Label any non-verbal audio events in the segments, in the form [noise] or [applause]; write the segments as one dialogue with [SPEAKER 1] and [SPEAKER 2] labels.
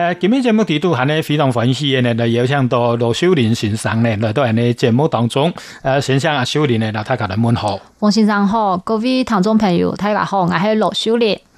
[SPEAKER 1] 誒、呃，今日節目都係呢，非常歡喜呢，嚟邀請到羅秀玲先生呢到節目當中，先、呃、生阿秀玲，呢，大家問好，
[SPEAKER 2] 王先生好，各位聽眾朋友大家好，我係羅秀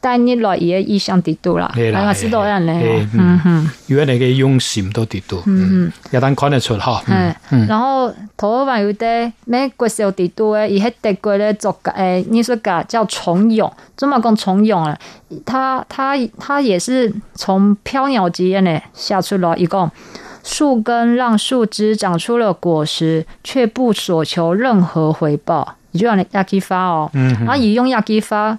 [SPEAKER 2] 但你老爺意向地圖啦，俺是多樣的。嗯，
[SPEAKER 1] 原來用心都地圖。嗯哼
[SPEAKER 2] 嗯
[SPEAKER 1] 哼，也能看得出哈。嗯，
[SPEAKER 2] 然後頭髮有點咩國學地圖誒，伊喺德國咧作家誒，藝術家叫崇勇，做乜講崇勇啊？他他他也是從飄鳥經驗咧，下出嚟，伊講樹根讓樹枝長出了果實，卻不索求任何回報，就用亞基發哦，嗯哼，啊，伊用亞基發。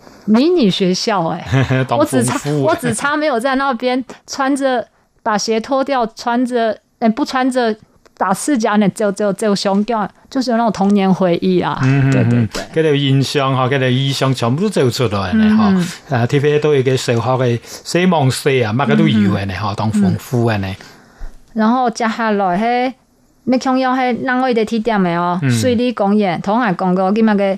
[SPEAKER 2] 迷你學校誒、欸，
[SPEAKER 1] [laughs] 欸、我只差我只差
[SPEAKER 2] 沒有在那邊穿着把鞋脱掉，穿着哎、欸、不穿着打赤腳呢，就就就雙腳，就是那種童年回憶啊。嗯嗯嗯，
[SPEAKER 1] 嗰條印象哈，嗰條印象全部都走出來呢哈、嗯喔。啊，特別都有一個小學嘅西望西啊，乜嘅都有嘅呢哈，當豐富啊呢、嗯嗯嗯。
[SPEAKER 2] 然後接下來係，你想要係哪位的地點嘅哦、喔？嗯、水利公園、同安公園，佢那個。